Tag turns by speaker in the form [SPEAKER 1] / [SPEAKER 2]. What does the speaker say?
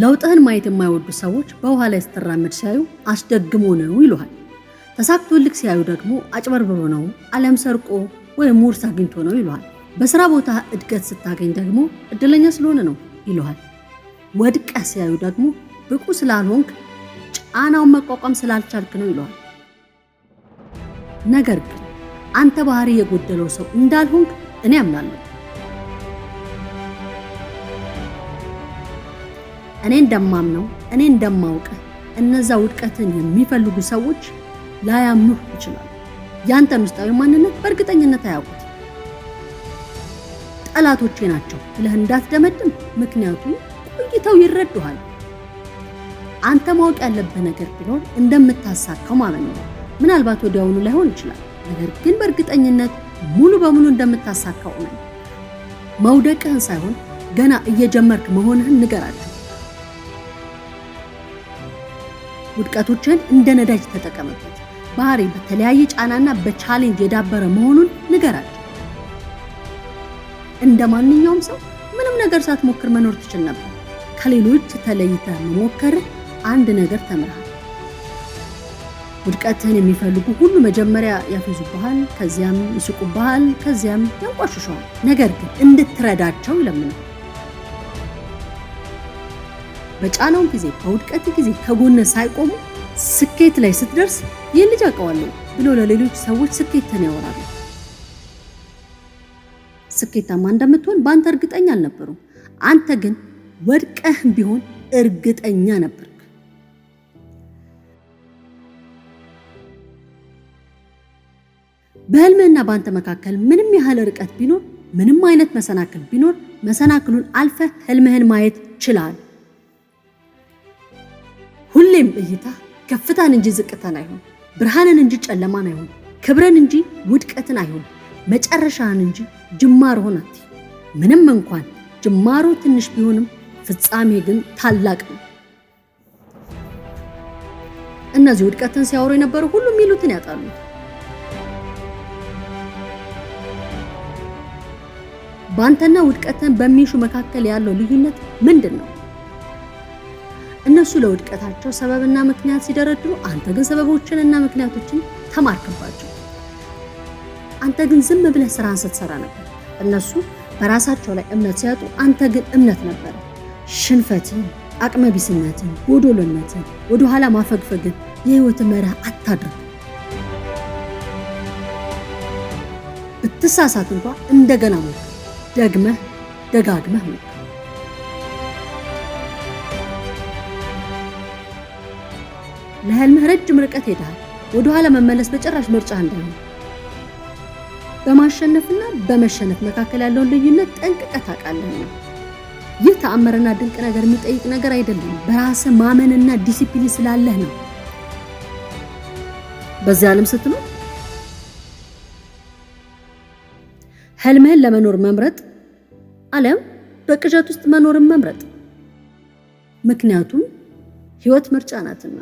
[SPEAKER 1] ለውጥህን ማየት የማይወዱ ሰዎች በውሃ ላይ ስትራመድ ሲያዩ አስደግሞ ነው ይሉሃል። ተሳክቶልክ ሲያዩ ደግሞ አጭበርብሮ ነው፣ አለም ሰርቆ ወይም ውርስ አግኝቶ ነው ይሉሃል። በስራ ቦታ እድገት ስታገኝ ደግሞ እድለኛ ስለሆነ ነው ይሉሃል። ወድቀ ሲያዩ ደግሞ ብቁ ስላልሆንክ ጫናውን መቋቋም ስላልቻልክ ነው ይለዋል። ነገር ግን አንተ ባህሪ የጎደለው ሰው እንዳልሆንክ እኔ አምናለሁ። እኔ እንደማምነው እኔ እንደማውቀ እነዛ ውድቀትን የሚፈልጉ ሰዎች ላያምኑህ ይችላሉ። ያንተን ውስጣዊ ማንነት በእርግጠኝነት አያውቁት። ጠላቶቼ ናቸው ብለህ እንዳትደመድም፣ ምክንያቱም ቆይተው ይረዱሃል። አንተ ማወቅ ያለብህ ነገር ቢኖር እንደምታሳካው ማመን ነው። ምናልባት ወዲያውኑ ላይሆን ይችላል፣ ነገር ግን በእርግጠኝነት ሙሉ በሙሉ እንደምታሳካው እመን። መውደቅህን ሳይሆን ገና እየጀመርክ መሆንህን ንገራቸው። ውድቀቶችን እንደ ነዳጅ ተጠቀመበት። ባህሪ በተለያየ ጫናና በቻሌንጅ የዳበረ መሆኑን ንገራቸው። እንደ ማንኛውም ሰው ምንም ነገር ሳትሞክር መኖር ትችል ነበር። ከሌሎች ተለይተ መሞከር አንድ ነገር ተምርሃል። ውድቀትህን የሚፈልጉ ሁሉ መጀመሪያ ያፌዙብሃል፣ ከዚያም ይስቁብሃል፣ ከዚያም ያንቋሽሸዋል። ነገር ግን እንድትረዳቸው ይለምናል። በጫናው ጊዜ በውድቀት ጊዜ ከጎነ ሳይቆሙ ስኬት ላይ ስትደርስ ይህን ልጅ አውቀዋለሁ ብሎ ለሌሎች ሰዎች ስኬትን ያወራሉ። ስኬታማ እንደምትሆን በአንተ እርግጠኛ አልነበሩም። አንተ ግን ወድቀህ ቢሆን እርግጠኛ ነበር። በህልምህና በአንተ መካከል ምንም ያህል ርቀት ቢኖር፣ ምንም አይነት መሰናክል ቢኖር፣ መሰናክሉን አልፈህ ህልምህን ማየት ችላል። ሁሌም እይታ ከፍታን እንጂ ዝቅታን አይሆን፣ ብርሃንን እንጂ ጨለማን አይሆን፣ ክብርን እንጂ ውድቀትን አይሆን፣ መጨረሻን እንጂ ጅማሮን አትይ። ምንም እንኳን ጅማሮ ትንሽ ቢሆንም ፍጻሜ ግን ታላቅ ነው። እነዚህ ውድቀትን ሲያወሩ የነበሩ ሁሉ የሚሉትን ያጣሉ። በአንተና ውድቀትን በሚሹ መካከል ያለው ልዩነት ምንድን ነው? እነሱ ለውድቀታቸው ሰበብና ምክንያት ሲደረድሩ፣ አንተ ግን ሰበቦችንና ምክንያቶችን ተማርክባቸው። አንተ ግን ዝም ብለህ ስራን ስትሰራ ነበር። እነሱ በራሳቸው ላይ እምነት ሲያጡ፣ አንተ ግን እምነት ነበር። ሽንፈትን፣ አቅመቢስነትን፣ ጎዶሎነትን፣ ወደኋላ ማፈግፈግን የህይወት መርህ አታድርግ። ብትሳሳት እንኳ እንደገና ሞክር። ደግመህ ደጋግመህ ሞክር። ለህልምህ ረጅም ርቀት ወደ ወደኋላ መመለስ በጭራሽ ምርጫ እንደሆነ በማሸነፍና በመሸነፍ መካከል ያለውን ልዩነት ጠንቅቀህ ታውቃለህና ይህ ተአምርና ድንቅ ነገር የሚጠይቅ ነገር አይደለም። በራስ ማመንና ዲሲፕሊን ስላለህ ነው። በዚህ ዓለም ስትኖር ህልምህን ለመኖር መምረጥ አለም በቅዠት ውስጥ መኖርን መምረጥ፣ ምክንያቱም ህይወት ምርጫ ናትና።